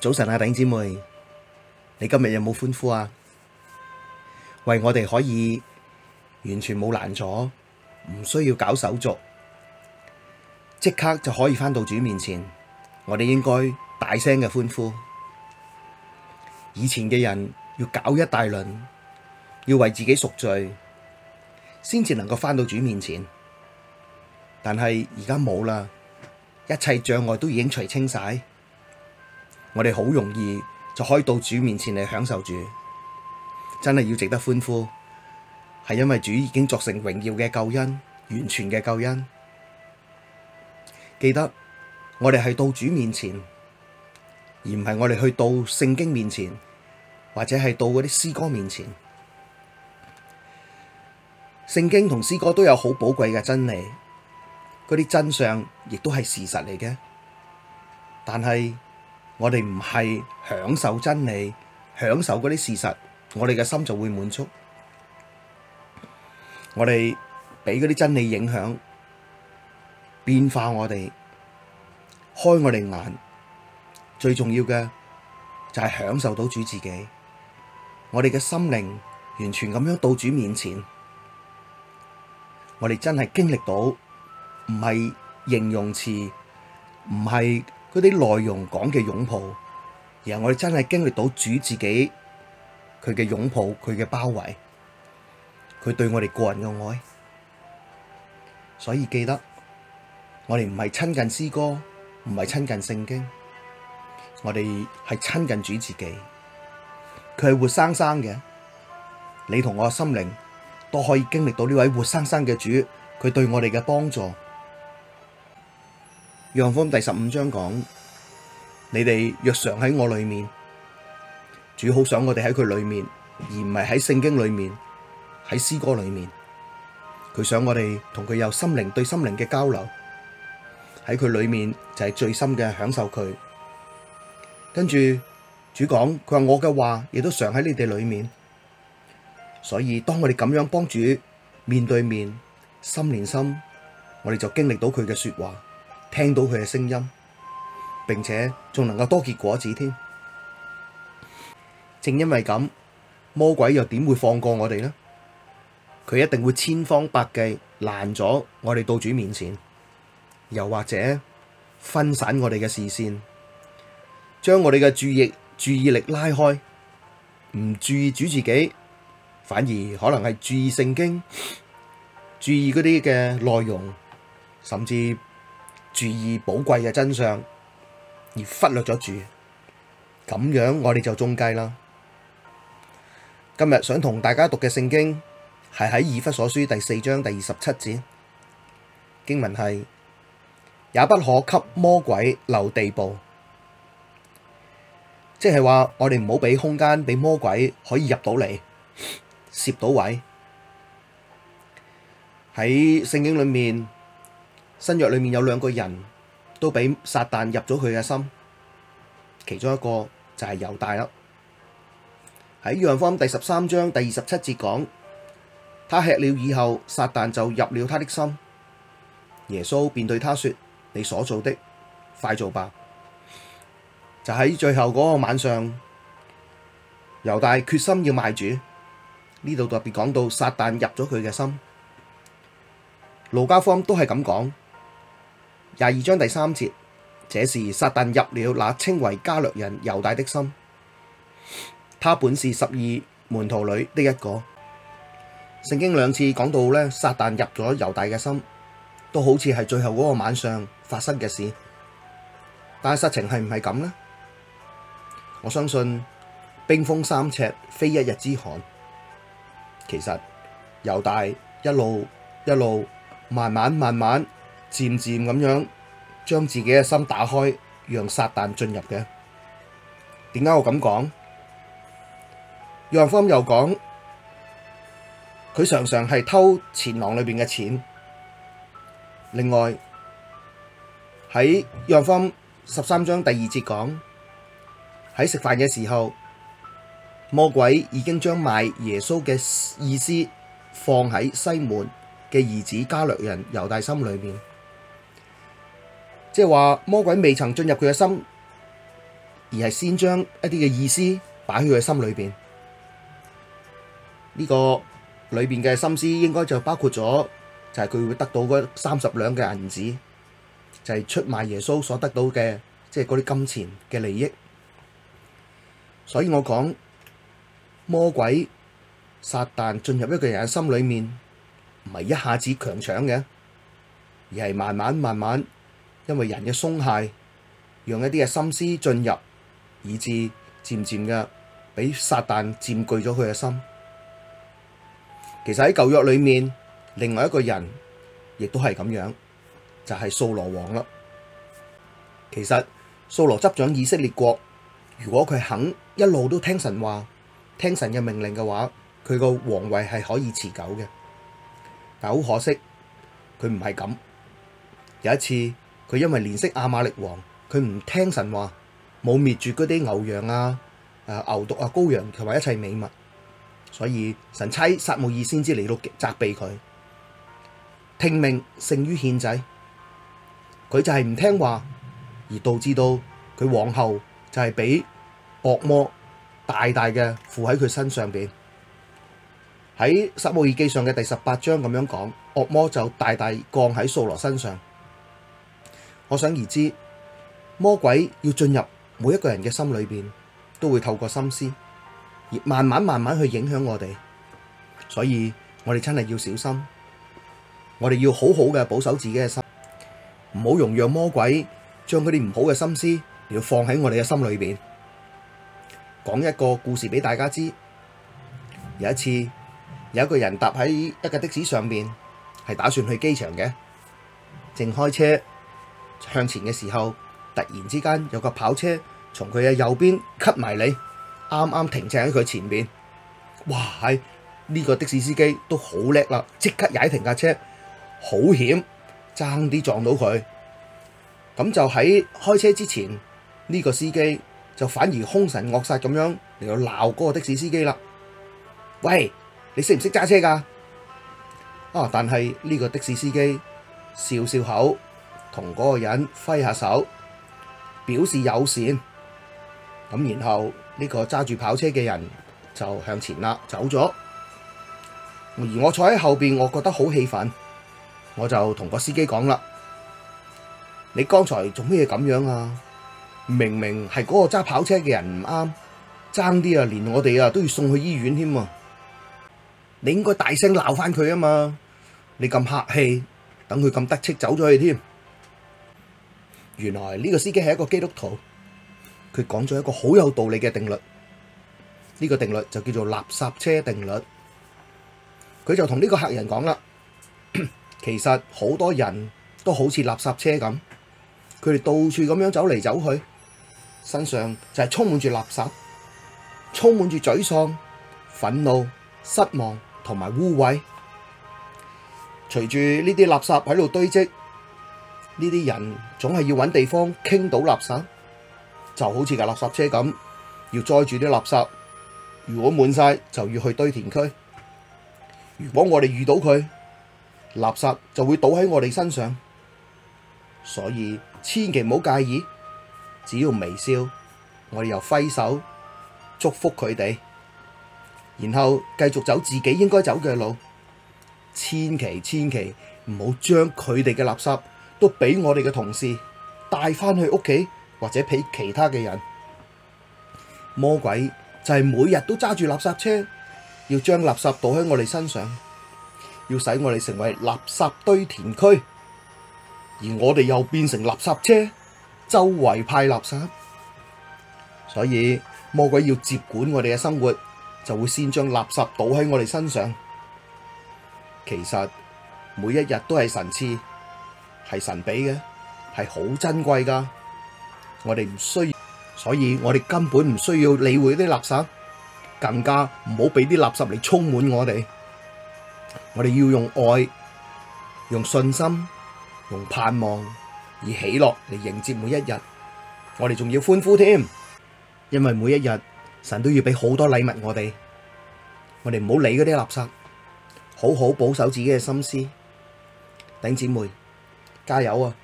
早晨啊，頂姐妹，你今日有冇歡呼啊？為我哋可以完全冇難阻，唔需要搞手續，即刻就可以返到主面前，我哋應該大聲嘅歡呼。以前嘅人要搞一大輪，要為自己贖罪，先至能夠返到主面前，但係而家冇啦，一切障礙都已經除清晒。我哋好容易就可以到主面前嚟享受主，真係要值得歡呼，係因為主已經作成榮耀嘅救恩，完全嘅救恩。記得我哋係到主面前，而唔係我哋去到聖經面前，或者係到嗰啲詩歌面前。聖經同詩歌都有好寶貴嘅真理，嗰啲真相亦都係事實嚟嘅，但係，我哋唔係享受真理，享受嗰啲事實，我哋嘅心就會滿足。我哋畀嗰啲真理影響，變化我哋，開我哋眼。最重要嘅就係享受到主自己，我哋嘅心靈完全咁樣到主面前，我哋真係經歷到，唔係形容詞，唔係。嗰啲內容講嘅擁抱，而我哋真係經歷到主自己佢嘅擁抱，佢嘅包圍，佢對我哋個人嘅愛。所以記得，我哋唔係親近詩歌，唔係親近聖經，我哋係親近主自己。佢係活生生嘅，你同我嘅心靈都可以經歷到呢位活生生嘅主，佢對我哋嘅幫助。約翰福音第十五章講，你哋若常喺我裏面，主好想我哋喺佢裏面，而唔係喺聖經裏面，喺詩歌裏面。佢想我哋同佢有心靈對心靈嘅交流，喺佢裏面就係最深嘅享受佢。跟住主講，佢話我嘅話亦都常喺你哋裏面，所以當我哋咁樣幫主面對面、心連心，我哋就經歷到佢嘅說話。聽到佢嘅聲音，並且仲能夠多結果子添。正因為咁，魔鬼又點會放過我哋呢？佢一定會千方百計攔阻我哋到主面前，又或者分散我哋嘅視線，將我哋嘅注意注意力拉開，唔注意主自己，反而可能係注意聖經，注意嗰啲嘅內容，甚至。注意寶貴嘅真相，而忽略咗住。咁樣我哋就中計啦。今日想同大家讀嘅聖經係喺以弗所書第四章第二十七節，經文係也不可給魔鬼留地步，即係話我哋唔好俾空間俾魔鬼可以入到嚟，攝到位。喺聖經裏面。新約裏面有兩個人都俾撒旦入咗佢嘅心，其中一個就係猶大啦。喺約翰福音第十三章第二十七節講，他吃了以後，撒旦就入了他的心。耶穌便對他說：你所做的，快做吧。就喺最後嗰個晚上，猶大決心要賣主。呢度特別講到撒旦入咗佢嘅心。路加福音都係咁講。廿二章第三節，這時撒旦入了那稱為加略人猶大的心，他本是十二門徒裏的一個。聖經兩次講到呢，撒旦入咗猶大嘅心，都好似係最後嗰個晚上發生嘅事。但係實情係唔係咁呢？我相信冰封三尺非一日之寒。其實猶大一路一路慢慢慢慢。慢慢漸漸咁樣將自己嘅心打開，讓撒旦進入嘅。點解我咁講？約翰福音又講，佢常常係偷錢囊裏邊嘅錢。另外喺約翰福音十三章第二節講，喺食飯嘅時候，魔鬼已經將賣耶穌嘅意思放喺西門嘅兒子加略人猶大心裏面。即係話魔鬼未曾進入佢嘅心，而係先將一啲嘅意思擺喺佢嘅心裏邊。呢個裏邊嘅心思應該就包括咗，就係佢會得到嗰三十兩嘅銀子，就係出賣耶穌所得到嘅，即係嗰啲金錢嘅利益。所以我講魔鬼、撒旦進入一個人嘅心裏面，唔係一下子強搶嘅，而係慢慢、慢慢。因為人嘅鬆懈，讓一啲嘅心思進入，以致漸漸嘅俾撒旦佔據咗佢嘅心。其實喺舊約裏面，另外一個人亦都係咁樣，就係掃羅王啦。其實掃羅執掌以色列國，如果佢肯一路都聽神話、聽神嘅命令嘅話，佢個皇位係可以持久嘅。但好可惜，佢唔係咁。有一次。佢因為憐惜亞瑪力王，佢唔聽神話，冇滅絕嗰啲牛羊啊、牛犢啊、羔羊同埋一切美物，所以神差撒母耳先至嚟到責備佢。聽命勝於獻祭，佢就係唔聽話，而導致到佢往後就係俾惡魔大大嘅附喺佢身上邊。喺撒母耳記上嘅第十八章咁樣講，惡魔就大大降喺掃羅身上。可想而知，魔鬼要進入每一個人嘅心裏邊，都會透過心思而慢慢、慢慢去影響我哋，所以我哋真係要小心，我哋要好好嘅保守自己嘅心，唔好容讓魔鬼將佢哋唔好嘅心思要放喺我哋嘅心裏邊。講一個故事俾大家知，有一次有一個人搭喺一架的士上邊，係打算去機場嘅，正開車。向前嘅時候，突然之間有個跑車從佢嘅右邊吸埋你，啱啱停正喺佢前面。哇！呢個的士司機都好叻啦，即刻踩停架車，好險，爭啲撞到佢。咁就喺開車之前，呢個司機就反而兇神惡煞咁樣嚟到鬧嗰個的士司機啦。喂，你識唔識揸車噶？啊，但係呢個的士司機笑笑口。同嗰個人揮下手，表示友善。咁然後呢個揸住跑車嘅人就向前啦，走咗。而我坐喺後邊，我覺得好氣憤，我就同個司機講啦： 你剛才做咩咁樣啊？明明係嗰個揸跑車嘅人唔啱，爭啲啊，連我哋啊都要送去醫院添啊。你應該大聲鬧返佢啊嘛！你咁客氣，等佢咁得戚走咗去添。原來呢個司機係一個基督徒，佢講咗一個好有道理嘅定律，呢個定律就叫做垃圾車定律。佢就同呢個客人講啦，其實好多人都好似垃圾車咁，佢哋到處咁樣走嚟走去，身上就係充滿住垃圾，充滿住沮喪、憤怒、失望同埋污穢，隨住呢啲垃圾喺度堆積。呢啲人總係要揾地方傾倒垃圾，就好似架垃圾車咁，要載住啲垃圾。如果滿晒，就要去堆填區。如果我哋遇到佢，垃圾就會倒喺我哋身上，所以千祈唔好介意，只要微笑，我哋又揮手祝福佢哋，然後繼續走自己應該走嘅路。千祈千祈唔好將佢哋嘅垃圾，都俾我哋嘅同事帶返去屋企，或者俾其他嘅人。魔鬼就係每日都揸住垃圾車，要將垃圾倒喺我哋身上，要使我哋成為垃圾堆填區，而我哋又變成垃圾車，周圍派垃圾。所以魔鬼要接管我哋嘅生活，就會先將垃圾倒喺我哋身上。其實每一日都係神賜。係神俾嘅，係好珍貴噶我哋唔需要，所以我哋根本唔需要理會啲垃圾，更加唔好俾啲垃圾嚟充滿我哋。我哋要用愛、用信心、用盼望而喜樂嚟迎接每一日。我哋仲要歡呼添，因為每一日神都要俾好多禮物我哋。我哋唔好理嗰啲垃圾，好好保守自己嘅心思，頂姊妹，加油啊！